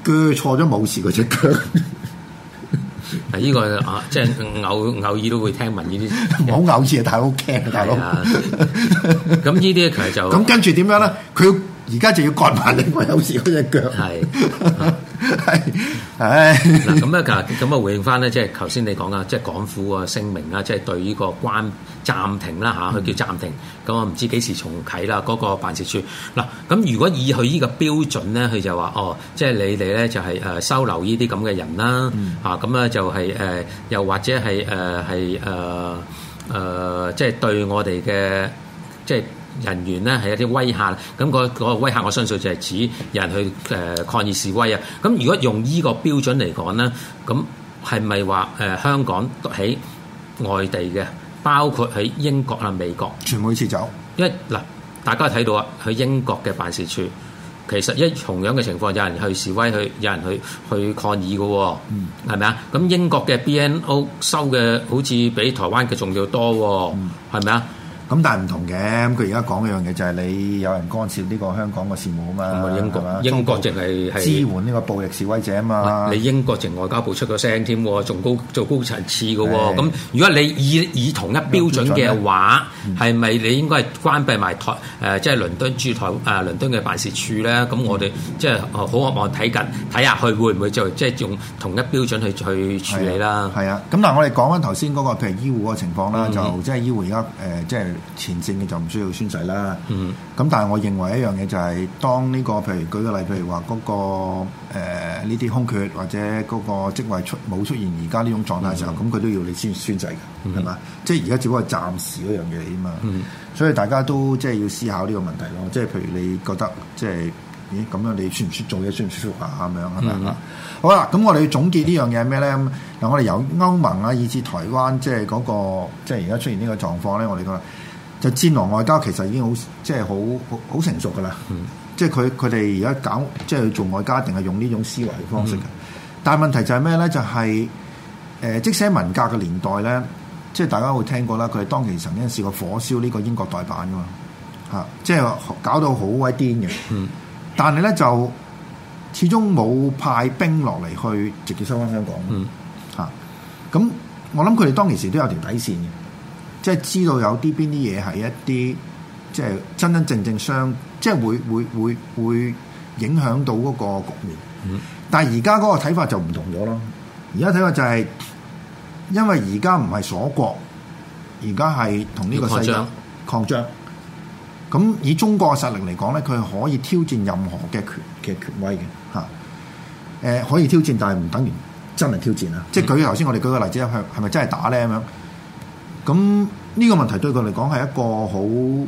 鋸錯咗冇事嗰隻腳。啊！依、呢個啊，即係偶偶爾都會聽聞呢啲，唔好偶爾，但係好驚，大佬、啊。咁、 (laughs) 啊啊、呢啲其實就咁跟住點樣咧？佢而家就要割埋另外有似嗰隻腳的。係。 (laughs) 啊係，嗱咁 (laughs) 是 (laughs) 啊，咁啊回應翻咧，即係頭先你講啊，即係港府啊聲明啦，即係對呢個關暫停啦吓，佢叫暫停，咁啊唔知幾時重啟啦，嗰、那個辦事處。嗱、啊，咁如果以佢呢個標準咧，佢就話哦，即係你哋咧就係、是、誒、呃、收留呢啲咁嘅人啦，吓、嗯啊，咁咧就係、是、誒、呃，又或者係誒係誒誒，即係對我哋嘅即係。人員咧係有啲威嚇，咁嗰嗰個威嚇，我相信就係指有人去誒抗議示威啊。咁如果用依個標準嚟講咧，咁係咪話誒香港喺外地嘅，包括喺英國啊、美國，全部都撤走？因為嗱，大家睇到去英國嘅辦事處，其實一同樣嘅情況，有人去示威，去有人去去抗議嘅喎，係咪啊？咁英國嘅 BNO 收嘅好似比台灣嘅仲要多，係咪啊？咁但係唔同嘅，咁佢而家講嘅樣嘢就係你有人干涉呢個香港嘅事務啊嘛，英國啊，吧英國淨、就、係、是、支援呢個暴力示威者啊嘛。你英國淨外交部出個聲添，仲高做高層次嘅喎。咁是如果你以以同一標準嘅話，係咪你應該係關閉埋台即係倫敦駐台誒倫、呃、敦嘅辦事處咧？咁我哋即係好渴望睇緊睇下去會唔會就即係用同一標準去去處理啦。係啊。咁嗱、啊，我哋講翻頭先嗰個譬如醫護個情況啦，就即係醫護而家即係。呃即係前線嘅就唔需要宣誓啦，咁、嗯、但係我認為一樣嘢就係、是、當呢、這個譬如舉個例，譬如話嗰、那個呢啲、呃、空缺或者嗰個職位出冇出現而家呢種狀態嘅時候，咁佢、嗯、都要你先宣誓嘅，係嘛、嗯？即係而家只不過暫時嗰樣嘢啊嘛，嗯、所以大家都即係要思考呢個問題咯。即係譬如你覺得即係咦咁樣你算唔算做嘢，算唔舒啊，咁樣係咪、嗯、好啦，咁我哋要總結呢樣嘢係咩咧？嗱，我哋由歐盟啊，以至台灣即係嗰、那個即係而家出現呢個狀況咧，我哋講。就戰狼外交其實已經好即係好好成熟噶啦、嗯，即係佢佢哋而家搞即係做外交，定係用呢種思維嘅方式嘅。嗯嗯但係問題就係咩咧？就係、是、誒即寫文革嘅年代咧，即係大家會聽過啦。佢哋當其時曾經試過火燒呢個英國代辦噶嘛，嚇！即係搞到好鬼癲嘅。但係咧就始終冇派兵落嚟去直接收翻香港。嗯，嗯，嗯，咁我諗佢哋當其時都有條底線嘅。即係知道有啲邊啲嘢係一啲即係真真正正相，即係會會會會影響到嗰個局面。但係而家嗰個睇法就唔同咗咯。而家睇法就係因為而家唔係鎖國，而家係同呢個世界擴張。咁以中國嘅實力嚟講咧，佢係可以挑戰任何嘅權嘅權威嘅嚇。誒、呃、可以挑戰，但係唔等於真係挑戰啊！嗯、即係舉頭先我哋舉個例子，係咪真係打咧咁樣？咁呢個問題對佢嚟講係一個好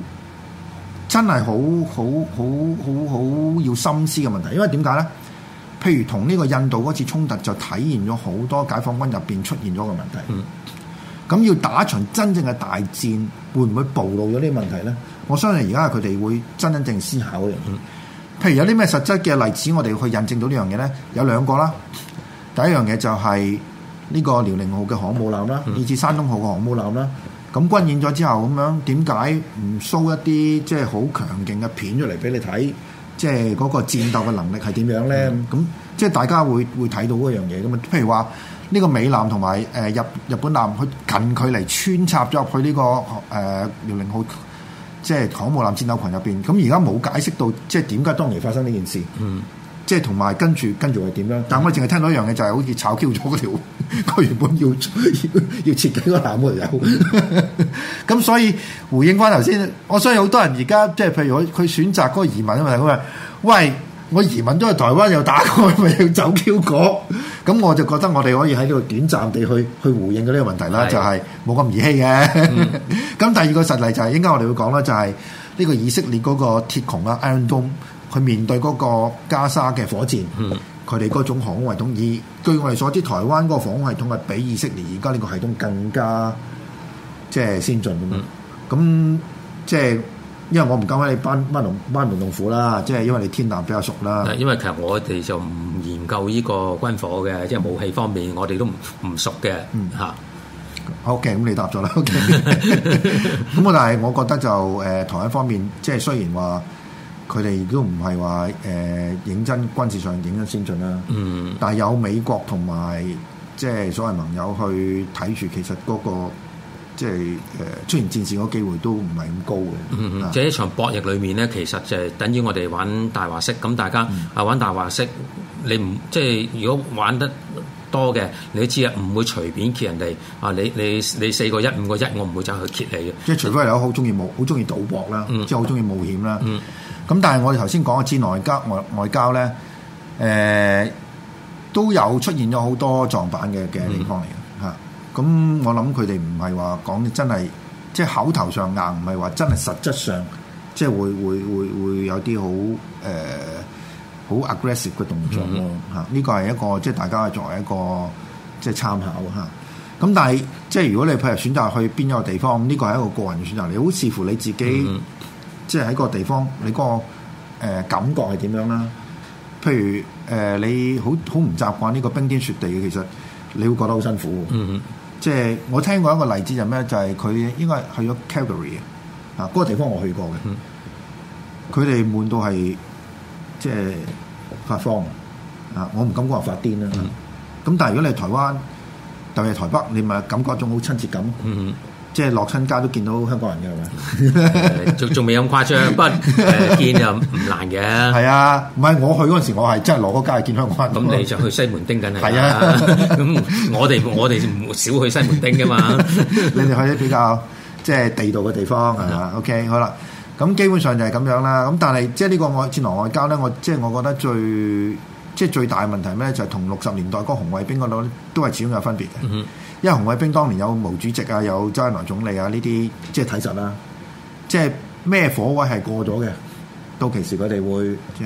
真係好好好好好要深思嘅問題，因為點解咧？譬如同呢個印度嗰次衝突就體現咗好多解放軍入面出現咗個問題。咁、嗯、要打一場真正嘅大戰，會唔會暴露咗呢個問題咧？我相信而家佢哋會真真正思考呢樣嘢。譬如有啲咩實質嘅例子，我哋去印證到呢樣嘢咧？有兩個啦。第一樣嘢就係、是。呢個遼寧號嘅航母艦啦，以至山東號嘅航母艦啦，咁、嗯、軍演咗之後咁樣，點解唔 show 一啲即係好強勁嘅片出嚟俾你睇，即係嗰個戰鬥嘅能力係點樣咧？咁即係大家會會睇到嗰樣嘢咁啊？譬如話呢個美艦同埋誒日日本艦去近距離穿插咗入去呢個誒遼寧號即係航母艦戰鬥群入邊，咁而家冇解釋到即係點解當年發生呢件事。嗯即係同埋跟住跟住係點啦？但我淨係聽到一樣嘢就係、是、好似炒 Q 咗嗰條，佢原本要要要設幾個攬嗰好。咁 (laughs) 所以回應翻頭先，我相信好多人而家即係譬如佢選擇嗰個移民啊嘛，咁喂，我移民都係台灣又打開咪要走 Q 過，咁 (laughs) 我就覺得我哋可以喺呢度短暫地去去回應佢呢個問題啦，的就係冇咁兒戲嘅。咁、嗯、 (laughs) 第二個實例就係應該我哋會講啦，就係、是、呢個以色列嗰個鐵穹啊 Iron Dome 去面對嗰個加沙嘅火箭，佢哋嗰種航空防空系統，以據我哋所知，台灣嗰個防空系統係比以色列而家呢個系統更加即係先進咁。即係、嗯、因為我唔敢喺你班班龍班門弄斧啦，即係因為你天南比較熟啦。因為其實我哋就唔研究呢個軍火嘅，即係武器方面我們，我哋都唔唔熟嘅。嗯，嚇是。OK，咁你答咗啦。咁、okay. 我 (laughs) (laughs) 但係，我覺得就誒、呃、台灣方面，即係雖然話。佢哋都唔係話誒認真軍事上認真先進啦，嗯、但係有美國同埋即係所謂的盟友去睇住，其實嗰、那個即係誒出現戰事嗰個機會都唔係咁高嘅、嗯。嗯嗯，一那場博弈裏面咧，其實就係等於我哋玩大話骰，咁大家啊玩大話骰，嗯、你唔即係如果玩得多嘅，你都知啊，唔會隨便揭人哋啊，你你你四個一五個一，我唔會走去揭你嘅。即係、嗯、除非你係好鍾意冒好鍾意賭博啦，嗯、即係好鍾意冒險啦。嗯咁但係我哋頭先講一次，內交外外交咧、呃，都有出現咗好多撞板嘅嘅地方嚟嘅嚇。咁我諗佢哋唔係話講真係，即係口頭上硬，唔係話真係實質上，即係會會會會有啲好、呃、好 aggressive 嘅動作喎。呢個係一個即係大家作為一個即係參考嚇。咁、啊、但係即係如果你譬如選擇去邊一個地方，咁呢個係一個個人嘅選擇，你好視乎你自己。嗯即係喺個地方，你嗰、那個、呃、感覺係點樣啦？譬如誒、呃，你好好唔習慣呢個冰天雪地嘅，其實你會覺得好辛苦。嗯嗯哼。即係我聽過一個例子就咩？就係、是、佢應該係去咗 Calgary 啊，嗰、那個地方我去過嘅。佢哋、嗯、悶到係即係發慌啊！我唔敢講發癲啦、啊。咁、嗯、但係如果你係台灣，特別係台北，你咪感覺仲好親切感。嗯嗯。即係落親街都見到香港人㗎，仲仲未咁誇張， (laughs) 見不見見又唔難嘅。係啊，唔係我去嗰陣時，我係真係落嗰街係見香港人。咁你就去西門町梗係。係是啊， (laughs) 咁我哋我哋少去西門町㗎嘛。 (laughs) 你哋去啲比較即係、就是、地道嘅地方是啊。OK，好啦，咁基本上就係咁樣啦。咁但係即係呢個外戰狼外交咧，我即係、就是、我覺得最即係、就是、最大嘅問題咧，就係同六十年代嗰個紅衛兵嗰度都係始終有分別嘅。嗯因為紅衛兵當年有毛主席啊，有周恩來總理啊，呢啲即係睇實啦。即係咩火位係過咗嘅，到其時佢哋會即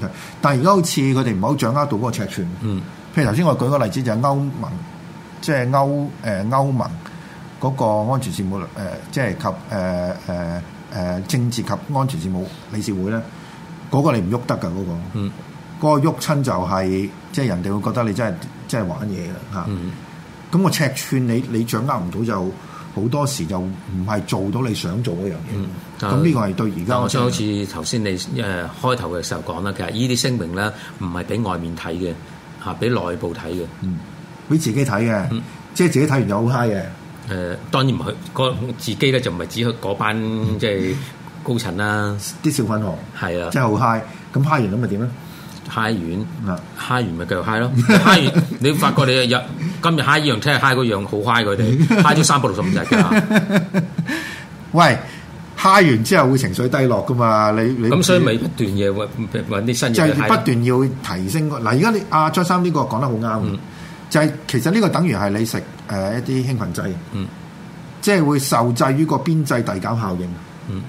係，但係而家好似佢哋唔好掌握到嗰個尺寸。嗯，譬如頭先我舉個例子就係歐盟，即係歐誒、呃、歐盟嗰個安全事務誒、呃，即係及誒誒誒政治及安全事務理事會咧，嗰、那個你唔喐得㗎嗰、那個。嗰、嗯、個喐親就係、是、即係人哋會覺得你真係真係玩嘢啦嚇。嗯咁我尺寸你你掌握唔到就好多時就唔係做到你想做嗰樣嘢。咁呢、嗯嗯、個係對而家。我即好似頭先你誒、呃、開頭嘅時候講啦，其實呢啲聲明咧唔係俾外面睇嘅，嚇、啊、俾內部睇嘅，嗯，俾自己睇嘅，嗯、即係自己睇完就好 high 嘅。誒、呃、當然唔係，自己咧就唔係指係嗰班、嗯、即係高層啦，啲小粉紅係啊，即係好 high。咁 high、啊、完咁咪點咧？high 完 high Yeah. i 完咪繼續 high 咯，high 完你發覺你啊，今日 high 一樣，聽日 high 嗰樣，好 high 佢哋 high 咗三百六十五日㗎。喂，high 完之後會情緒低落㗎嘛？你你咁所以咪不斷嘢啲新，就係不斷要提升嗱。而家你阿張生呢個講得好啱、mm. 就係其實呢個等於係你食誒一啲興奮劑，即係、mm. 會受制於個邊際遞減效應，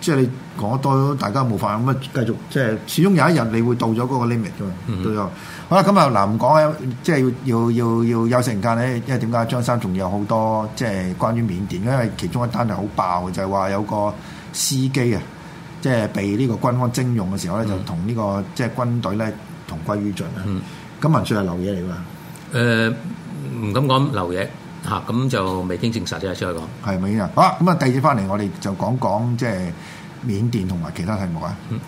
即係、mm. 你。講得多，大家冇法咁啊！繼續即係，始終有一日你會到咗嗰個 limit 㗎嘛，都有、嗯。好啦，咁啊嗱，唔講即係要要要要休息時間咧，因為點解張生仲有好多即係關於緬甸，因為其中一單係好爆嘅，就係、是、話有個司機啊，即、就、係、是、被呢個軍方徵用嘅時候咧，嗯、就同呢個即係軍隊咧同歸於盡啊！咁啊，算係流嘢嚟㗎。誒，唔敢講流嘢嚇，咁就未經證實啫。出去講係咪啊？好啦，咁啊，第二節翻嚟，我哋就講講即係。就是緬甸同埋其他題目啊。嗯